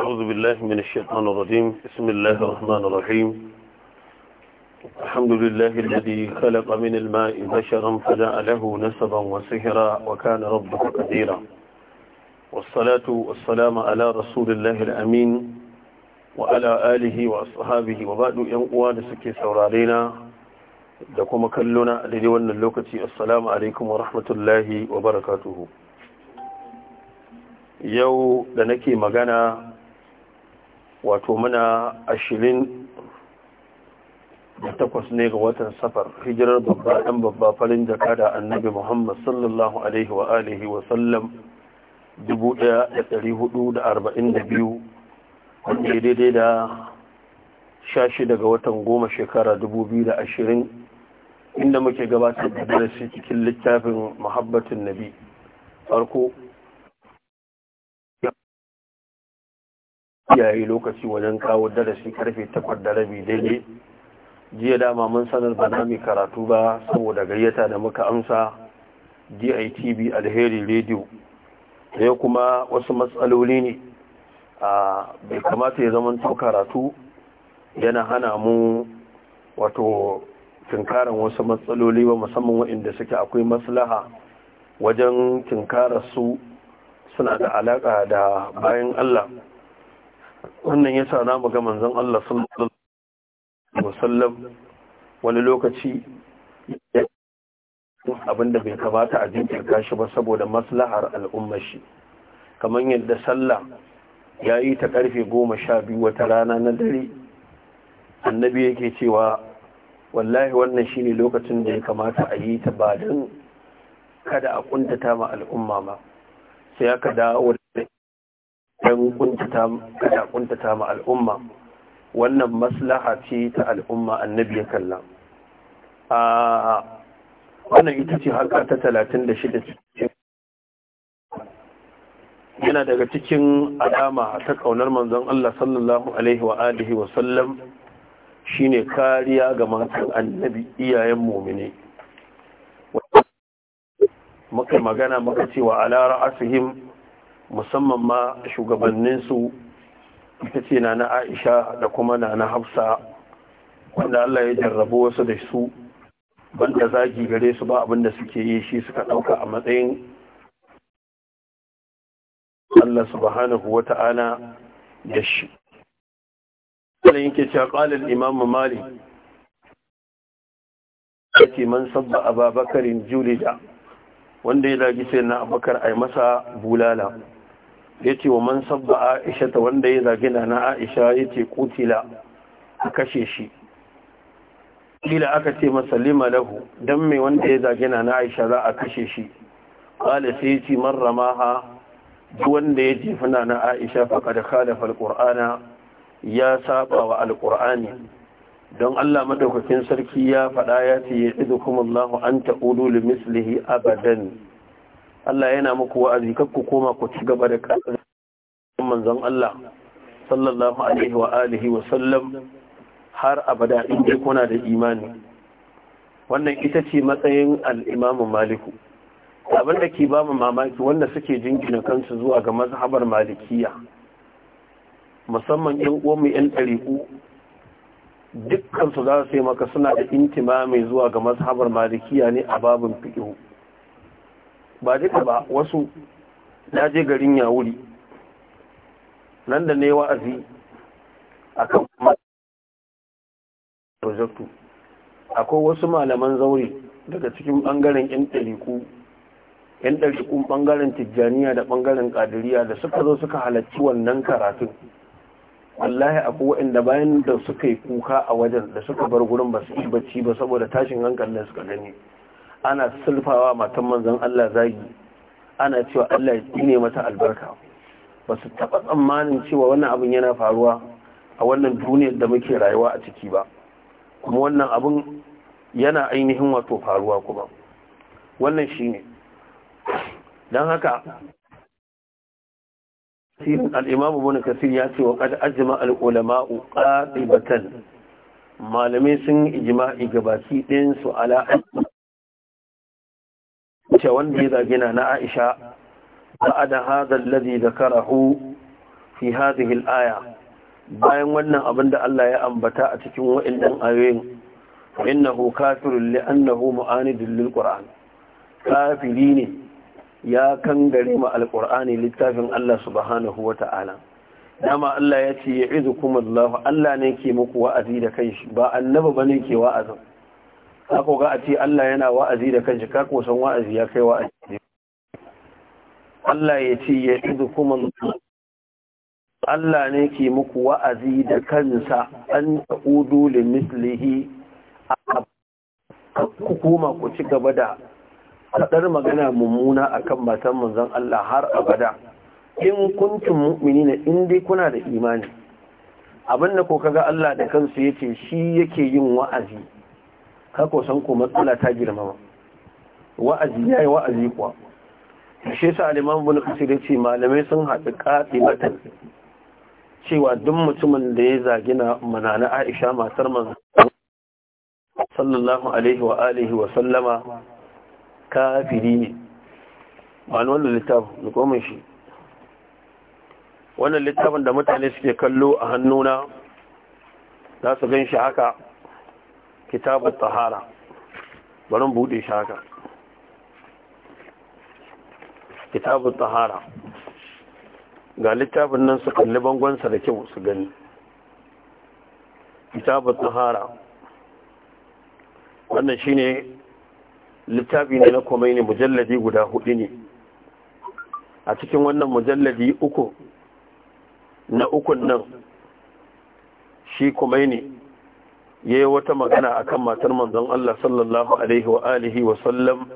أعوذ بالله من الشيطان الرجيم بسم الله الرحمن الرحيم الحمد لله الذي خلق من الماء بشرا فجاء له نسبا وسهرا وكان ربك قديرا والصلاة والسلام على رسول الله الأمين وعلى آله وأصحابه وبعد ينقوى لسكي سورارينا لكم كلنا لديوان اللوكة السلام عليكم ورحمة الله وبركاته يو لنكي مغانا wato muna ashirin da takwas ne ga watan safar hijirar babba ɗan babba farin jaka da annabi muhammad sallallahu alaihi wa alihi wa sallam 1442 wanda daidai da sha shashi daga watan goma shekara 2020 inda muke gabatar da darasi cikin littafin muhabbatin nabi farko yayi lokaci wajen kawo darasi karfe takwas da rabi daidai jiya dama mun sanar ba mai karatu ba saboda gayyata da muka amsa DITB alheri radio da kuma wasu matsaloli ne a bai kamata ya zama to karatu yana hana mu wato tunkaran wasu matsaloli ba musamman waɗanda suke akwai maslaha wajen tunkarar su suna da alaƙa da bayan Allah wannan ya sa na ga manzan Allah sallallahu alaihi wani lokaci ya abinda bai kamata a jinkirta shi ba saboda maslahar al'ummar shi kamar yadda sallah ya yi ta ƙarfe goma sha biyu wata rana na dare annabi yake cewa wallahi wannan shine lokacin da ya kamata a yi ta ba don kada a kuntata ma al'umma ba sai aka dawo don kuntata ma al'umma wannan maslaha ce ta al'umma annabi ya kalla wannan ita ce harka ta talatin da shida yana daga cikin alama ta kaunar manzon Allah sallallahu alaihi wa alihi wa sallam shine kariya ga matan annabi iyayen mu'mini muka magana muka ce ala ra'asihim musamman ma shugabanninsu ita ce na na aisha da kuma na na hafsa wanda allah ya jarrabu wasu da su banda zagi gare su ba abinda suke yi shi suka ɗauka a matsayin allah subhanahu wa ta'ala da shi wanda yake cewa ƙalin imam malik ce man sabba a babakarin julida wanda ya dagi sai na abakar a masa bulala yace wa man sabba aisha ta wanda ya zagi na aisha yace kutila a kashe shi kila aka ce masa lima lahu dan me wanda ya zagi na aisha za a kashe shi qala sai yace man ramaha wanda ya jefa na aisha faqad khalafa alqur'ana ya saba wa Alƙur'ani. don Allah madaukakin sarki ya faɗa ya ce ya idu kuma an ta'udu li mislihi abadan Allah yana muku wa'azi kar ku koma ku ci gaba da ƙasar manzon Allah sallallahu alaihi wa alihi wa sallam har abada in ji kuna da imani wannan ita ce matsayin al Maliku abin da ke ba mu mamaki wanda suke jinkina kansu zuwa ga mazhabar malikiya musamman yan uwanmu yan ɗariƙu dukkansu za su yi maka suna da intima mai zuwa ga mazhabar malikiya ne a babin fiƙihu ba duka ba wasu na je garin ya wuri. nan da ne wa'azi a kan projektu akwai wasu malaman zaure daga cikin bangaren 'yan ɗariku 'yan ɗarikun bangaren tijjaniya da bangaren ƙadiriya da suka zo suka halarci wannan karatun wallahi akwai waɗanda bayan da suka yi kuka a wajen da suka bar gurin ba su yi bacci ba saboda tashin hankalin suka gani ana sulfawa matan manzan Allah zagi ana cewa Allah ya ne mata albarka ba su taɓa tsammanin cewa wannan abin yana faruwa a wannan duniyar da muke rayuwa a ciki ba kuma wannan abin yana ainihin wato faruwa kuma wannan shi ne don haka sirin al'imamu bin kasir ya ce wa ƙada ajima al'ulama'u ƙaɗibatan malamai sun ijima'i gabaki ɗinsu ala ce wanda ya zage na Aisha ba'ad hadha alladhi zakarahu fi hadhihi hilaya. bayan wannan abin da Allah ya ambata a cikin wa'annan ayoyin innahu kafirun li'annahu mu'anidun lil-qur'an kafiri ne ya kan ma al-qur'ani littafin Allah subhanahu Ta'ala. dama Allah ya ce ya'idukum Allah Allah ne ke muku wa'azi da kanshi ba annabi ne ke wa'azin ka koga a ce Allah yana wa'azi da kan ka ko san wa'azi ya kai wa'azi Allah ya ce ya duk kuma Allah ne ke muku wa'azi da kansa an ta'udu da mislihi a hukuma ku ci gaba da haɗar magana mummuna a akan matan manzon Allah har abada in mu'mini na, in dai kuna da imani abin da ko kaga Allah da kansu yace shi yake yin wa'azi kako san ko matsala ta girmama wa'azi ya yi wa'azi kuwa shi sa al bin kasir ya ce malamai sun haɗu mata. cewa duk mutumin da ya zagi na manana Aisha matar manzo sallallahu alaihi wa alihi wa sallama kafiri ne wanda wannan da nukomin shi wannan littafin da mutane suke kallo a hannuna za su gan shi haka kitabu tahara barin bude shaka haka kitabu ga littafin nan su kalli bangonsa da kyau su gani kitabu tahara wannan shine littafi ne na komai ne mujalladi guda hudu ne a cikin wannan mujalladi uku na ukun nan shi komai ne ya yi wata magana a kan matar manzon Allah sallallahu alaihi wa alihi wa sallam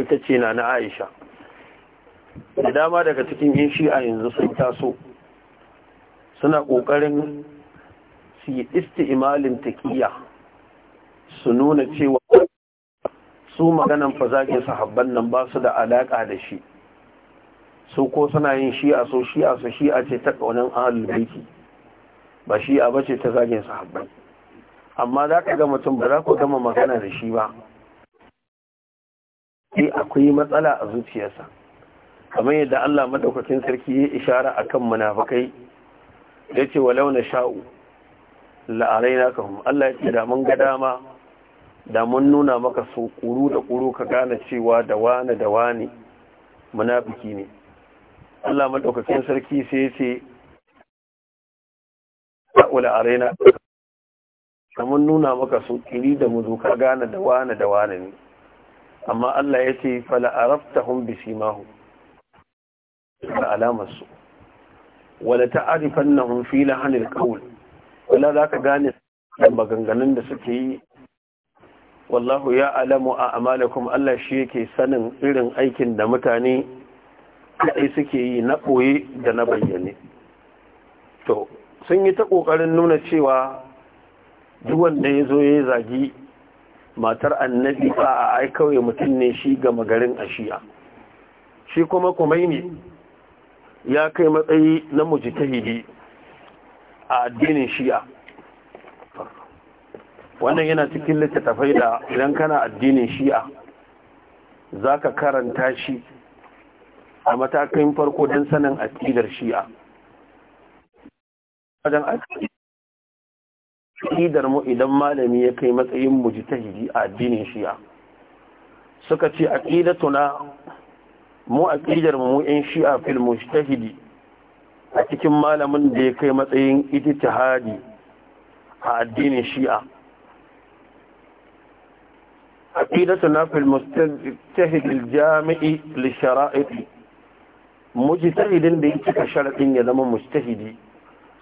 ita ce na na Aisha da dama daga cikin yin shi'a yanzu sun taso suna ƙoƙarin su yi isti'imalin takiya su nuna cewa su maganan su sahabban nan ba su da alaƙa da shi su ko suna yin shi'a so shi'a su shi'a ce ta ƙaunin ahalul ba shi'a ba ce ta zagin sahabbai amma za ka ga mutum ba za ku gama magana da shi ba sai akwai matsala a zuciyarsa kamar yadda Allah madaukakin sarki ya ishara akan munafikai ce walau na sha'u na kan Allah ce da mun ga dama da mun nuna maka so kuru da kuru ka gane cewa da wani da wani munafiki ne Allah madaukakin sarki sai ce yace la alaina kamar nuna maka su kiri da mu ka gane da wane da wane ne amma Allah ya ce fala hun bi simahu da alamar su wala ta'rifannahum fi lahanil qawl wala ka gane da maganganun da suke yi wallahu ya alamu a amalakum Allah shi yake sanin irin aikin da mutane kaɗai suke yi na ɓoye da na bayyane to sun yi ta ƙoƙarin nuna cewa duk wanda ya zo ya zagi matar annabi ba a ai kawai mutum ne shi gama garin a shi'a shi kuma ne ya kai matsayi na mujtahidi a addinin shi'a wannan yana cikin littattafai da idan kana addinin shi'a za ka karanta shi a matakin farko don sanin aƙidar shi'a wajen ƙidar mu idan malami ya kai matsayin mujtahidi a addinin shi'a suka ce aqidatuna mu aqidar mu in shi'a fil mujtahidi a cikin malamin da ya kai matsayin ijtihadi a addinin shi'a aqidatuna fil mujtahidi al jami'i li shara'iti mujtahidin da yake cika sharadin ya zama mujtahidi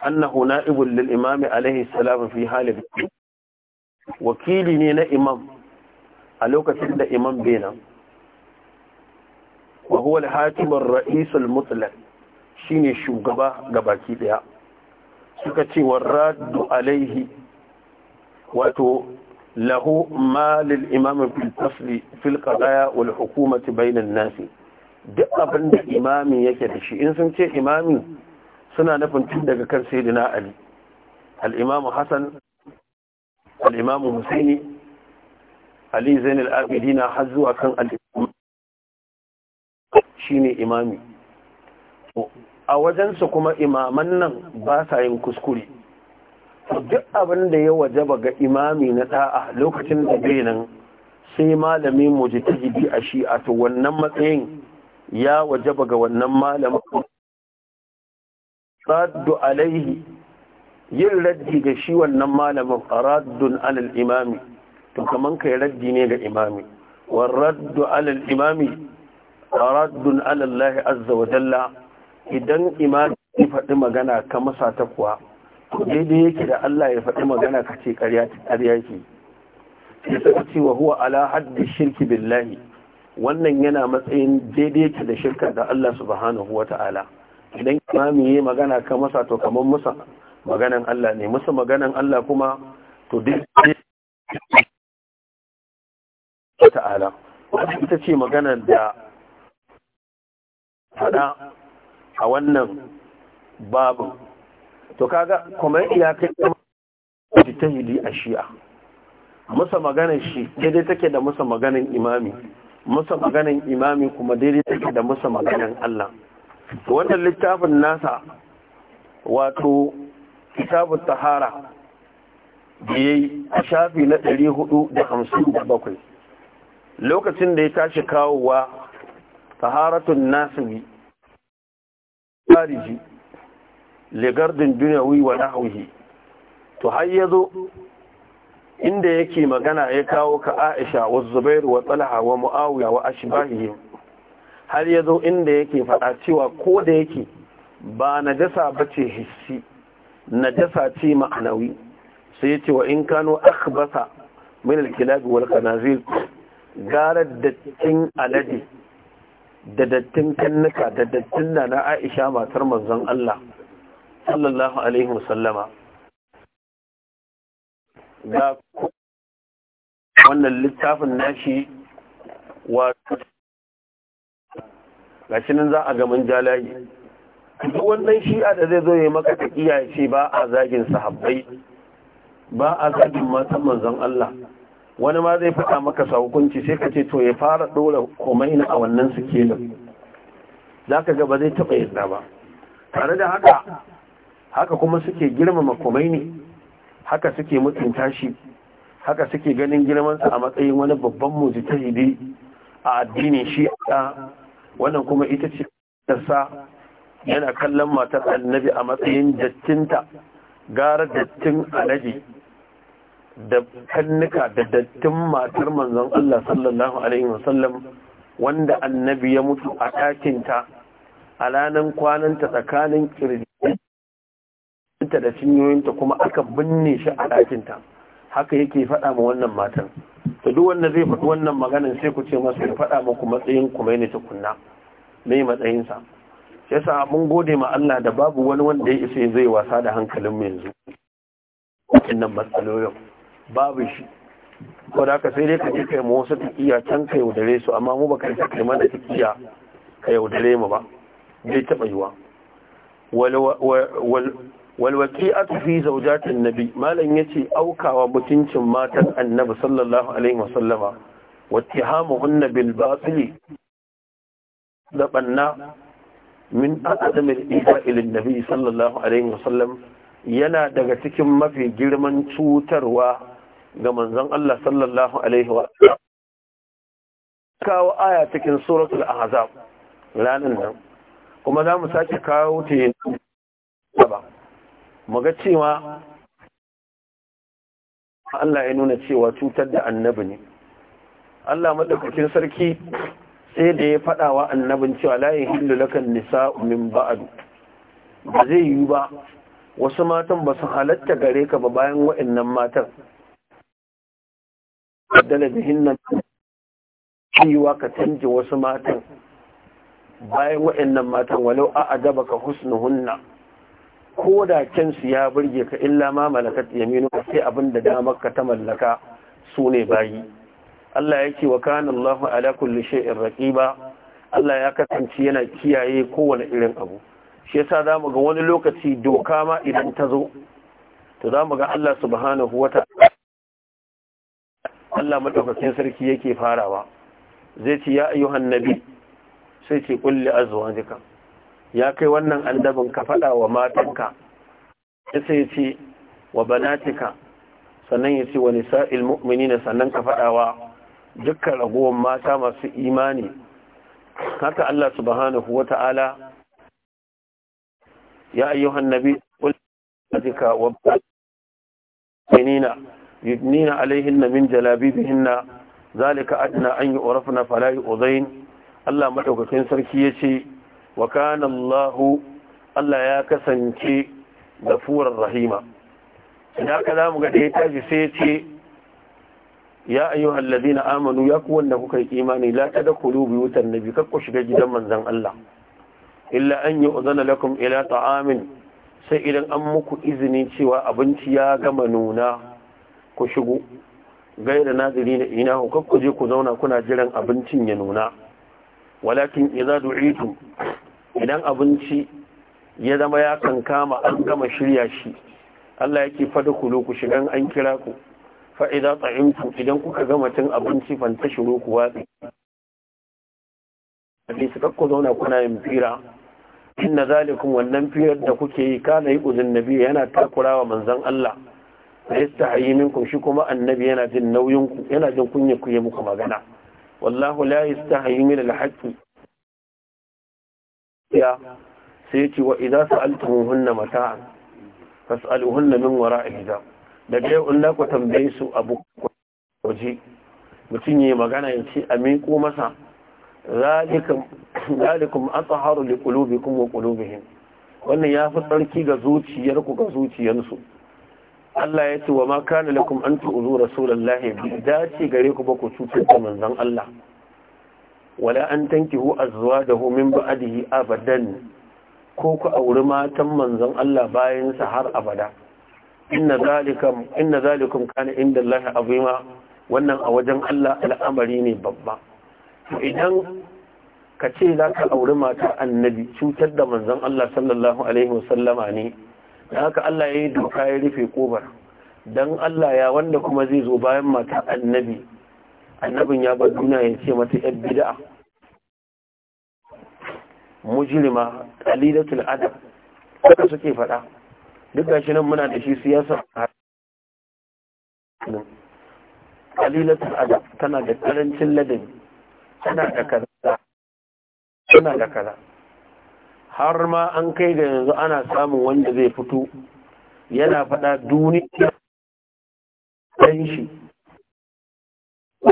annahu na'ibul lil imam Alayhi salam fi halin wakili ne na imam a lokacin da imam bena, nan wa huwa al-hakim ar-ra'is al-mutlaq shine shugaba ga baki daya suka ce waraddu alaihi wato lahu ma lil imam fil fasl fil qadaya wal hukumati bayna an-nas duk abin da imami yake da shi in sun ce imami suna nufin tun daga kan sayyidina ali al'imamu Hassan, al'imamu husaini ali abidi na har zuwa kan al'imamu shi shine imami a wajensu kuma imaman nan ba sa yin kuskure duk abin da ya wajaba ga imami na da'a lokacin da bai nan sai ta mujtahidi a shi'a to wannan matsayin ya wajaba ga wannan malamin raddu alaihi yin raddi ga shi wannan malamin raddun alal imami to kaman kai raddi ne ga imami Wa raddu alal imami raddun alal lahi azza wa jalla idan imami ya faɗi magana ka masa ta kuwa to daidai yake da Allah ya faɗi magana ka ce ƙarya ƙarya sai huwa ala haddi shirki billahi wannan yana matsayin daidai yake da shirka da Allah subhanahu wa ta'ala idan imami ya magana ka masa to kamar musa maganan Allah ne musa maganan Allah kuma to dinka ta'ala wadda ita ce maganan da fada a wannan babu to kaga kuma ya kai ta hili a shi'a musa maganan shi daidai take da musa maganan imami musa maganan imami kuma daidai take da musa maganan Allah wannan littafin nasa wato kitabun tahara da ya yi a shafi na 457 lokacin da ya tashi kawowa taharatun nasibi fariji legardin duniyawi wa nahuhi to har ya zo inda yake magana ya kawo ka aisha wa zubairu wa tsalaha wa mu'awiya wa ashbahihim har ya zo inda yake faɗa cewa ko da yake ba najasa ba ce hissi najasa ce ma'anawi sai ya ce wa in kano basa min alkilabi wal kanazir gara dattin alade da dattin kannuka da dattin da na Aisha matar manzon Allah sallallahu alaihi wasallama ga wannan littafin nashi wato gashi nan za a ga mun jalayi duk wannan shi'a da zai zo ya maka ta iya ce ba a zagin sahabbai ba a zagin matan manzon Allah wani ma zai faɗa maka sa hukunci sai ka ce to ya fara dora komaina a wannan su sikelin zaka ga ba zai taɓa yadda ba tare da haka haka kuma suke girmama ne. haka suke mutunta shi haka suke ganin girmansa a matsayin wani babban mujtahidi a addinin Shi'a wannan kuma ita ce sa yana kallon matar annabi a matsayin dattinta gara dattin alaji da kannuka da dattin matar manzon Allah sallallahu alaihi wasallam wanda annabi ya mutu a ɗakinta a ranar kwananta tsakanin kirjinta da cinyoyinta kuma aka binne shi a ɗakinta haka yake faɗa ma wannan matan to duk wanda zai faɗi wannan maganin sai ku ce masa ya faɗa muku matsayin ku mai ne tukunna mai matsayinsa sai sa mun gode ma Allah da babu wani wanda ya isa zai wasa da hankalin mu yanzu wannan matsalolin babu shi ko ka sai dai ka je kai mu wasu tafiya can ka yaudare su amma mu baka ka kai mana tafiya ka yaudare mu ba bai taɓa yiwa Walwaki fi zaujatin nabi malam ya ce aukawa mutuncin matan annabi sallallahu alaihi wasallama wattihamuhunna bil batil da banna min aqdam al nabi sallallahu alaihi wasallam yana daga cikin mafi girman cutarwa ga manzon Allah sallallahu alaihi wasallam kawo aya cikin suratul ahzab ranan nan kuma za mu sake kawo ta ba muga cewa Allah ya nuna cewa cutar da annabi ne Allah madaukakin sarki sai da ya faɗa wa annabin cewa la yahillu lakan nisa'u min ba'd ba zai yi ba wasu matan ba su halatta gare ka ba bayan wa'annan matan dala bihin nan cewa ka canje wasu matan bayan wa'annan matan walau a adaba ka husnuhunna ko da su ya burge ka illa ma malakat yaminu sai abin da damar ka ta mallaka su ne bayi Allah ya ce wa kana Allah ala kulli shay'in raqiba Allah ya kasance yana kiyaye kowane irin abu shi yasa zamu ga wani lokaci doka ma idan ta zo to zamu ga Allah subhanahu wata Allah madaukakin sarki yake farawa zai ce ya ayyuhan nabi sai ce kulli azwajika ya kai wannan annabin ka faɗa wa matanka sai ya ce wa banatika sannan ya ce wa nisa'il mu'minina sannan ka fada wa dukkan ragowar mata masu imani haka Allah subhanahu wata'ala ya ayyuha nabi qul atika wa banatika yudnina alaihinna min jalabibihinna zalika adna an yu'rafna fala yu'zain Allah madaukakin sarki yace wa kana Allah Allah ya kasance da furar rahima idan ka zamu ga dai taji sai ce ya ayyuhal ladina amanu ya ku wanda kuka yi imani la tadkhulu buyutan nabi kar ku shiga gidan manzan Allah illa an yu'zana lakum ila ta'amin sai idan an muku izini cewa abinci ya gama nuna ku shigo gaira naziri na ina ku kuje ku zauna kuna jiran abincin ya nuna walakin idza du'itum idan abinci ya zama ya kankama an gama shirya shi Allah yake fada kulo ku shigan an kira ku fa'iza tsa'inku idan kuka gama cin abinci fanta shiro ku watsi Abi su ku zauna kuna yin fira inna zalikun wannan firar da kuke yi kana yi uzun nabi yana takurawa manzon Allah da hayi minkum shi kuma annabi yana jin nauyin ku yana jin kunya ku yi muku magana wallahu la yastahi min al ya sai ce wa idan sa'altumuhunna mata'an fas'aluhunna min a hijab Da ɗaya in ku tambaye su abu waje mutum ya magana ya ce a miƙo masa da atharu kuma wa qulubihim wannan ya fi tsarki ga zuciyarku ga zuciyarsu Allah ya ce wa ma kana lakum an tu'zu rasulullahi bi dace gare ku ba ku cutar da manzon Allah wala an tankihu azwajahu min ba'dihi abadan ko ku auri matan manzon Allah bayan sa har abada inna zalikum inna zalikum kana inda Allah azima wannan a wajen Allah al'amari ne babba idan ka ce za ka auri matar annabi cutar da manzon Allah sallallahu alaihi wasallama ne da haka Allah ya yi doka ya rufe kobar dan Allah ya wanda kuma zai zo bayan matar annabi annabin ya bar duniya ya ce mata yan bid'a mujrima qalilatul adab haka suke faɗa duk gashi nan muna da shi siyasa qalilatul adab tana da karancin ladabi tana da kaza tana da kaza har ma an kai ga yanzu ana samun wanda zai fito yana faɗa duniya ɗan shi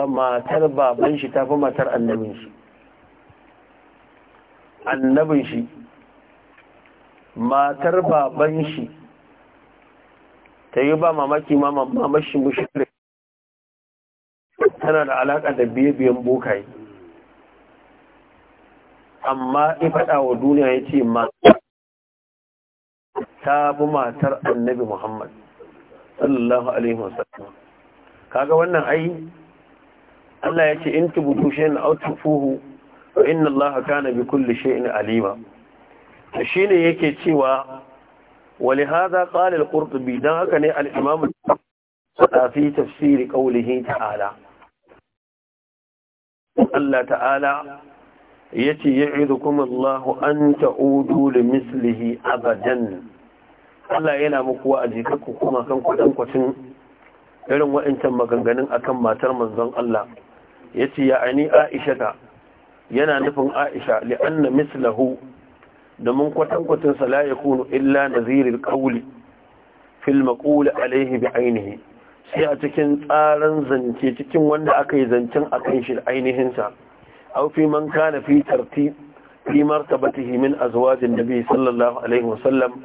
ba matar baban shi ta fi matar annabin shi annabin shi matar baban shi ta yi ba mamaki mamashi mushirin tana da alaƙa da biye-biyen bokaye amma faɗa wa duniya ya ce ma ta bi matar annabi muhammad sallallahu alaihi wasallam kaga wannan ai Allah ya ce in tubutu shi na autufuhu wa inna Allah ka na bi kulle shi ne alima shi ne yake cewa Wani haza qalil qurtubi dan haka ne al imam tafsiri qawlihi ta'ala Allah ta'ala yace kuma Allah an ta'udu li mislihi abadan Allah yana a wa'azi kuma kan kudan irin irin wa'ancan maganganun akan matar manzon Allah yace ya ani aisha yana nufin aisha li'anna mislahu domin kwatankwatin sa la illa naziril qawli fil maqul alaihi bi ainihi sai a cikin tsaran zance cikin wanda aka yi zancen akan shi ainihin sa aw fi man kana fi tartib fi martabatihi min azwajin nabi sallallahu alaihi wasallam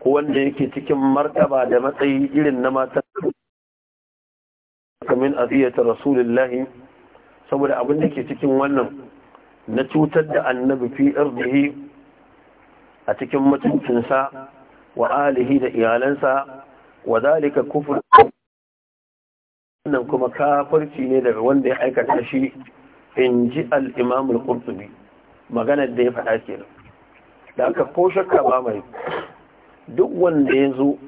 ko wanda yake cikin martaba da matsayi irin na matan kamin aziyatar rasulullahi saboda abin da ke cikin wannan na cutar da annabi fi arzihi a cikin mutuncinsa wa alihi da iyalansa wa zalika kufur wannan kuma kafirci ne daga wanda ya aikata shi in ji al-imam al maganar da ya faɗa nan. da aka ko shakka ba mai duk wanda ya zo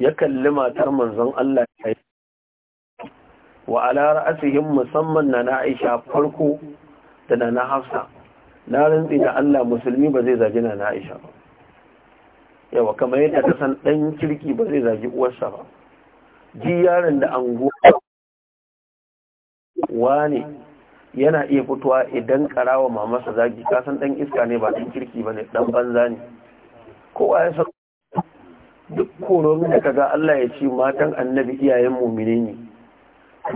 ya kalli matar manzon Allah yi. wa ala ra'asihim musamman na Aisha farko da na Hafsa na rantsi da Allah musulmi ba zai zagi na Aisha ba yawa kamar yadda ta san dan kirki ba zai zagi uwarsa ba ji yaron da ango wani yana iya fitowa idan karawa mamarsa zagi ka san dan iska ne ba dan kirki bane dan banza ne kowa ya san duk koron da kaga Allah ya ce matan annabi iyayen mu'mine ne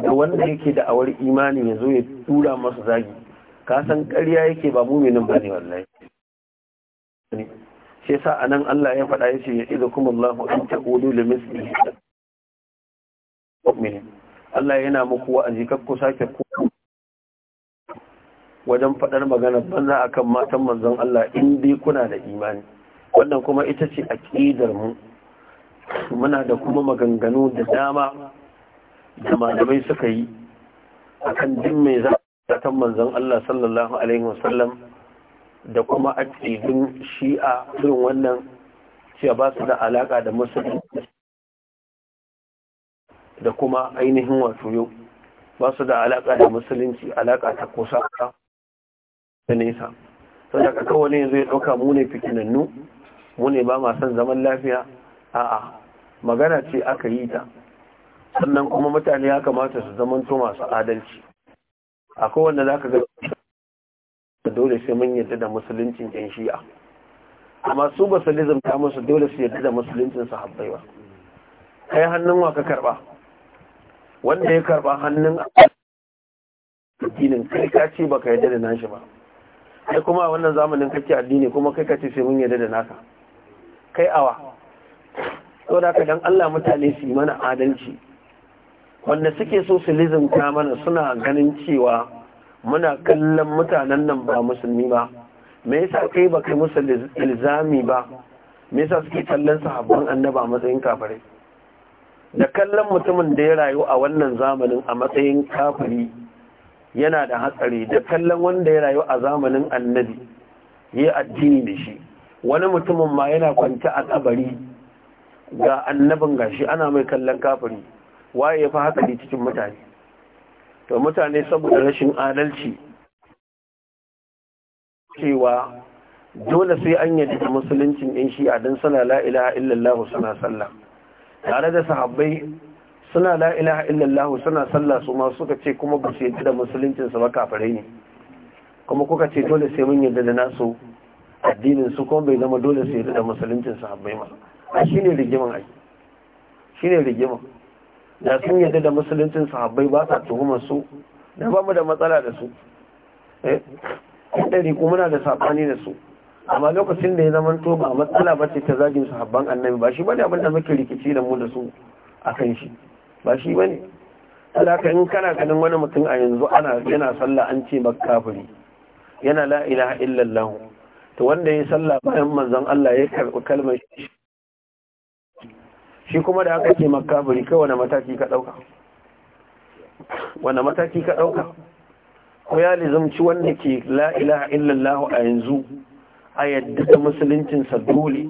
da wanda yake da awar imani ya zo ya tura masa zagi ka san ƙarya yake ba muminin ba ne wallahi shi a nan Allah ya faɗa ya ce ya idu kuma ku an ta'udu da misli Allah yana muku wa'azi kar ku sake ku wajen faɗar magana banza akan matan manzon Allah in dai kuna da imani wannan kuma ita ce aqidar mu muna da kuma maganganu da dama da malamai suka yi akan jin mai ta manzan Allah sallallahu alaihi wasallam da kuma cikin shi'a irin wannan cewa ba su da alaka da musulmi da kuma ainihin wato yau ba su da alaka da musulunci alaka ta kusa da nesa sau da kakawa ne zai ɗauka mu ne fitinannu mu ne ba ma zaman lafiya a'a magana ce aka yi ta sannan kuma mutane ya kamata su zamanto masu adalci akwai wanda za ka ga dole sai mun yadda da musuluncin yan shi'a amma su basalizm ta musu dole su yadda da musuluncin su habbai ba kai hannun wa ka karɓa. wanda ya karɓa hannun addinin kai ka ce ba ka yadda da nashi ba kai kuma a wannan zamanin kake addini kuma kai ka ce sai mun yadda da naka kai awa saboda ka dan Allah mutane su yi mana adalci wanda suke so ta mana suna ganin cewa muna kallon mutanen nan ba musulmi ba me yasa kai ba kai musu ilzami ba me yasa suke kallon sahabban annaba a matsayin kafare? da kallon mutumin da ya rayu a wannan zamanin a matsayin kafari yana da hatsari da kallon wanda ya rayu a zamanin annabi ya addini da shi wani mutumin ma yana kwanta a kabari ga annabin gashi ana mai kallon kafari. waye ya fi hatsari cikin mutane to mutane saboda rashin adalci cewa dole sai an yi da musuluncin yan a don suna la'ilaha illallahu suna sallah tare da sahabbai suna la'ilaha illallahu suna sallah su ma suka ce kuma ba su yadda da musuluncinsu ba kafirai ne kuma kuka ce dole sai mun yadda da nasu addinin su kuma bai zama dole su yadda da musuluncin sahabbai ma a shi ne rigiman ai shi ne rigiman da sun yadda da musuluncin sahabbai ba sa tuhumar su da ba mu da matsala da su eh, ɗari kuma na da sabani da su amma lokacin da ya zama to ba matsala ba ce ta zagin sahabban annabi ba shi ba abin da muke rikici da mu da su akan shi ba shi ba ne. alaka in kana ganin wani mutum a yanzu ana yana sallah an ce bak kafiri yana la ilaha illallah to wanda ya sallah bayan manzon Allah ya karɓi kalmar shi. shi kuma da aka ce makabari kai wani mataki ka ɗauka wani mataki ka ɗauka ko ya lizamci wanda ke la'ilaha illallahu a yanzu a yadda da musuluncin dole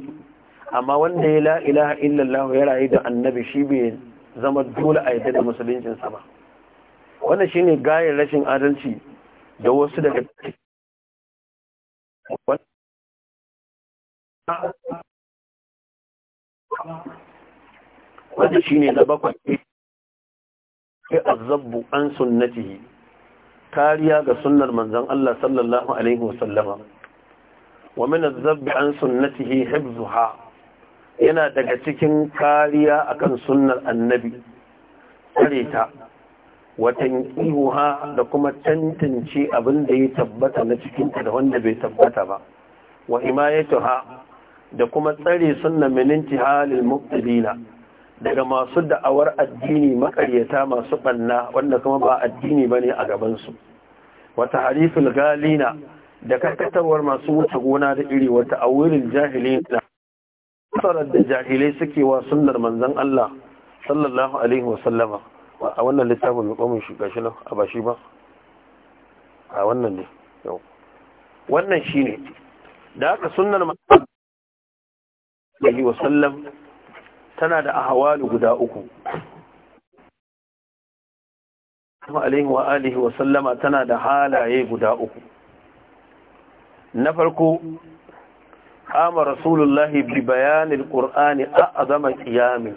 amma wanda ya la'ilaha illallahu ya rayu da annabi shi bai zama dole a yadda da musuluncinsa ba wannan shi ne gayar rashin adalci da wasu daga cikin wanda shine na bakwai a azabbu an sunnati kariya ga sunnar manzan Allah sallallahu alaihi wasallama wa min azabbi an sunnatihi hifzuha yana daga cikin kariya akan sunnar annabi Tsareta, ta watan ihuha da kuma tantance abin da ya tabbata na cikinta da wanda bai tabbata ba wa himayatuha da kuma tsare sunna mininti halil mubtilina daga masu da'awar addini makaryata masu banna wanda kuma ba addini bane a gabansu wata harifin galina da karkatarwar masu wuce gona da iri wata awirin jahilai na tsarar da jahilai suke wa sunnar manzon Allah sallallahu alaihi wasallama a wannan littafin mai kwamin shi gashi nan a bashi ba a wannan ne yau wannan shine da aka sunnar manzon Allah sallallahu alaihi wasallam tana da ahwalu guda uku alaihi wa alihi wa sallama tana da halaye guda uku na farko kama rasulullahi bi bayanin qur'ani a azama qiyami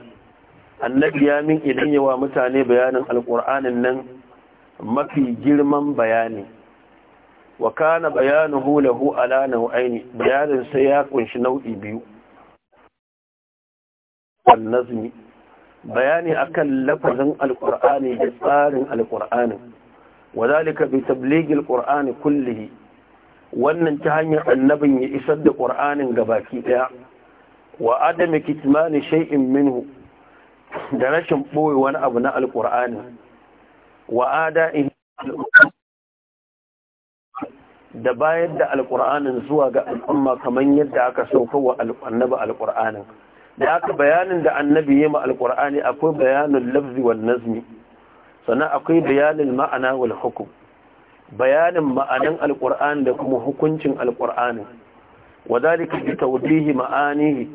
annabi ya min idan yawa mutane bayanin alqur'anin nan mafi girman bayani wa kana bayanuhu lahu ala nau'aini bayanin sai ya kunshi nau'i biyu والنظم بياني أكل لفظ القرآن بصار القرآن وذلك بتبليغ القرآن kullihi wannan ta hanyar annabin ya isar da ƙur'anin gabaki ɗaya wa adami kitmani shay'in minhu da rashin ɓoye wani abu na alƙur'ani wa ada'in da bayar da alƙur'anin zuwa ga al'umma kamar yadda aka sauka wa annabi alƙur'anin da aka bayanin da annabi ya ma alƙur'ani akwai bayanin lafzi wal nazmi sannan akwai bayanin ma'ana wal hukum bayanin ma'anan alƙur'ani da kuma hukuncin alƙur'ani ka fi tawdihi ma'anihi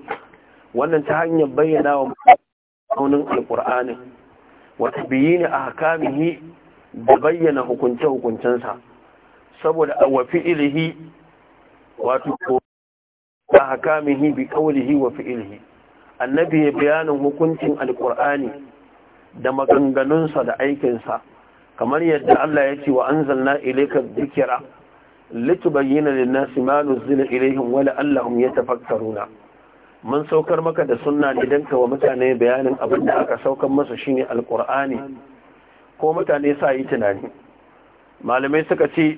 wannan ta hanyar bayyana wa ma'aunin alƙur'ani wa a hakamihi da bayyana hukunce hukuncensa saboda wa fi'ilihi wato ahkamihi bi qawlihi wa fi'ilihi annabi ya bayanin hukuncin alkur'ani da maganganunsa da aikinsa kamar yadda Allah ya ce wa anzalna ilayka dhikra litubayyana lin-nasi ma nuzila ilayhim wa la'allahum yatafakkaruna mun saukar maka da sunna idan ka wa mutane bayanin abin da aka saukar masa shine alkur'ani ko mutane sa yi tunani malamai suka ce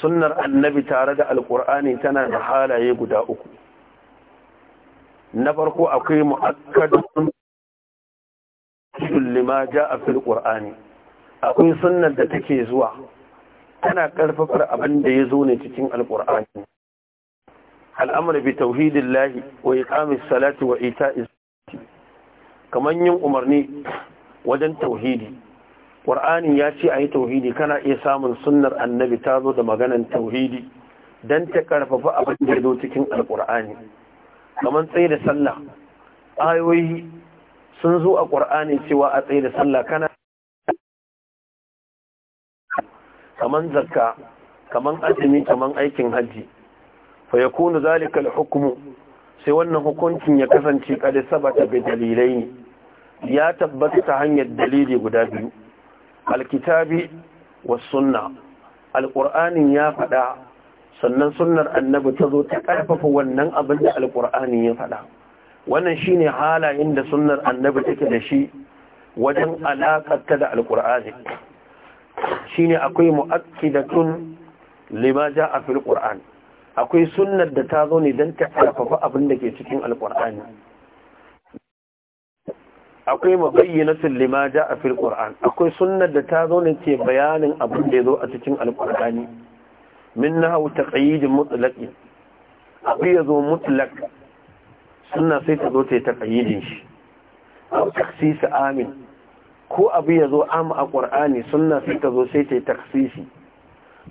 sunnar annabi tare da alkur'ani tana da halaye guda uku na farko akwai mu'akkadun lima ja'a fil qur'ani akwai sunnar da take zuwa tana karfafar abin da ya zo ne cikin alqur'ani al'amru bi tauhidillahi wa iqamis salati wa ita'iz kaman yin umarni wajen tauhidi ƙur'ani ya ce a yi tauhidi kana iya samun sunnar annabi ta zo da maganan tauhidi Dan ta ƙarfafa abin da ya zo cikin alƙur'ani kamar tsaye da sallah ayoyi sun zo a ƙur'ani cewa a tsaye da sallah kana kamar zakka kamar azumi kamar aikin hajji fa yakunu zalika al hukumu sai wannan hukuncin ya kasance kada sabata bi dalilai ya tabbata ta hanyar dalili guda biyu alkitabi was sunna alqur'anin ya faɗa sannan sunnar annabi ta zo ta ƙarfafa wannan abin da alƙur'ani ya faɗa wannan shine halayen da sunnar annabi take da shi wajen alaƙarta da alƙur'ani ne akwai da tun lima a fil qur'an akwai sunnar da ta zo ne don ta ƙarfafa abin da ke cikin alƙur'ani akwai sun lima a fil qur'an akwai sunnar da ta zo ne ke bayanin abin da ya zo a cikin alƙur'ani min hau taqyidin mutlaqin abu yazo mutlaq sunna sai ta zo ta taqyidin shi aw takhsis amin ko abu yazo am a qur'ani sunna sai ta zo sai ta takhsisi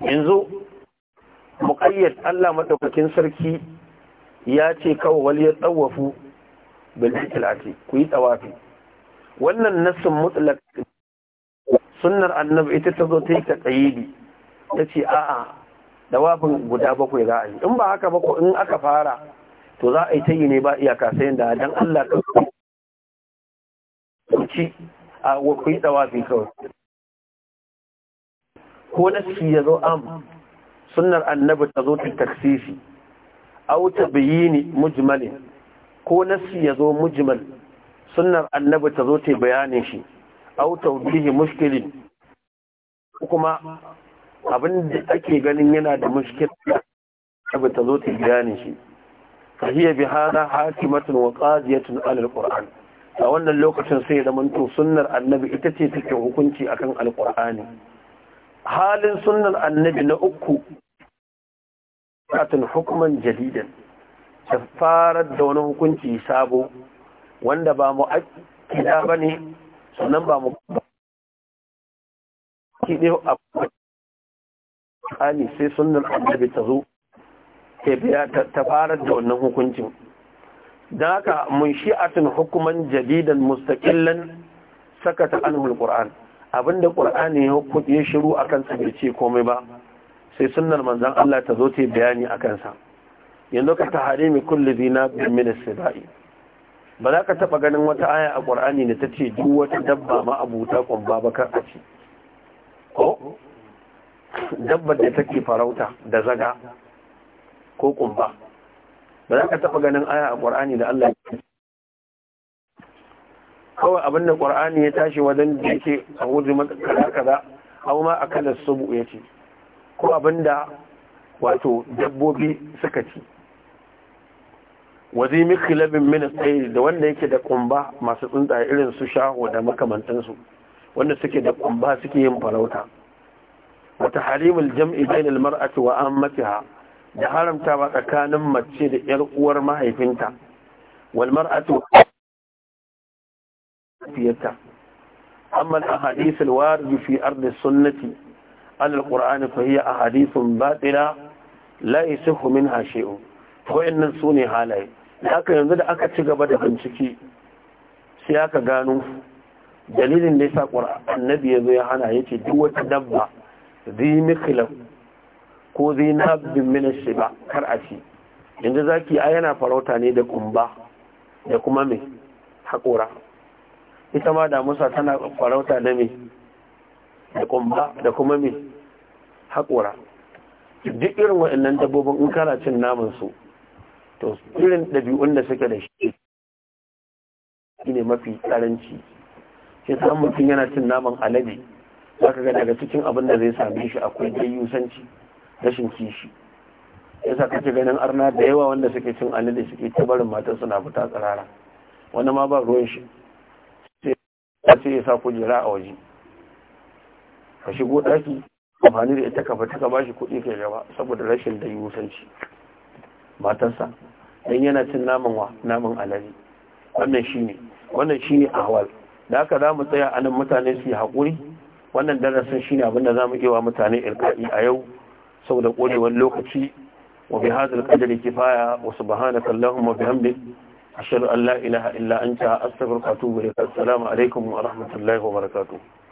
yanzu Allah madaukakin sarki ya ce kawai wal ya tsawafu bil tilati ku yi tsawafi wannan nassin mutlaq sunnar annabi ita ta zo ta yi taqyidi tace a'a tawafin guda bakwai za a yi in ba haka ba in aka fara to za a yi ta yi ne ba iyaka sai da dan Allah ka ci a wakwai tawafi kawai ko nasi ya zo am sunnar annabi ta zo ta taksisi aw tabyini mujmalin ko nasi ya zo mujmal sunnar annabi ta zo ta bayanin shi aw tawdihi mushkilin kuma abin da ake ganin yana da mushkil abu ta zo ta bayanin shi fa hiya bi hada hakimatun wa qadiyatun alal qur'an a wannan lokacin sai da to sunnar annabi ita ce take hukunci akan alqur'ani halin sunnar annabi na uku atun hukuman jadidan ta farar da wani hukunci sabo wanda ba mu akida bane sannan ba mu kiɗe a ƙani sai sunan annabi ta zo ta fara da wannan hukuncin don haka mun shi atin hukuman jadidan mustaƙillan sakata anhul ƙur'an abinda ƙur'ani ya shiru a kansa bai ce komai ba sai sunan manzan Allah ta zo ta yi bayani a kansa yanzu ka ta hari mai kulle zina bin minas yi ba za ka taɓa ganin wata aya a ƙur'ani da ta ce duk wata dabba ma abuta ƙwamba ba kan a ce dabbar da take farauta da zaga ko kumba ba za ka taɓa ganin aya a ƙwar'ani da Allah kawai abin da ƙwar'ani ya tashi wajen da yake a wuzi kaza kaza hau ma a subu ya ce ko abin da wato dabbobi suka ci wazi mikilabin ministry da wanda yake da kumba masu tsuntsaye irin su shaho da makamantansu wanda suke da kumba suke yin farauta wa tahrimul jam'i bainal mar'ati wa ammatiha da haramta ba tsakanin mace da yar uwar mahaifinta wal mar'atu fiyata amma ahadith al warid fi ard as-sunnati an al-qur'an fa hiya ahadith batila la yasihu minha shay'u ko innan sune halaye haka yanzu da aka ci gaba da bincike sai aka gano dalilin da yasa qur'an annabi yazo ya hana yace duk wata dabba zi mikilan ko zi na bimmina shi ba kar a ci yanzu zaki a yana farauta ne da kumba da kuma mai haƙura ita ma damusa tana farauta da mai da kumba da kuma mai haƙura duk irin waɗannan dabbobin in kana cin namansu to irin ɗabi'un da suke da shi ne mafi ƙaranci shi sa mutum yana cin naman alade zaka ga daga cikin abin da zai same shi akwai yusanci rashin kishi yasa kace ganin arna da yawa wanda suke cin alade suke ta barin matar suna fita tsirara wani ma ba ruwan shi sai ya sa kujera a waje ka shigo daki amfani da ita ka fita ka shi kuɗi kai gaba saboda rashin yusanci matarsa dan yana cin naman wa naman alade wannan shine wannan shine ahwal da haka za mu tsaya anan mutane su yi haƙuri wannan darasin shine abin da zamu iya wa mutane ilka'i a yau saboda korewar lokaci wa bi hadzal qadri kifaya wa subhanaka allahumma bihamdik ashhadu an la ilaha illa anta astaghfiruka wa atubu ilaik assalamu alaikum wa rahmatullahi wa barakatuh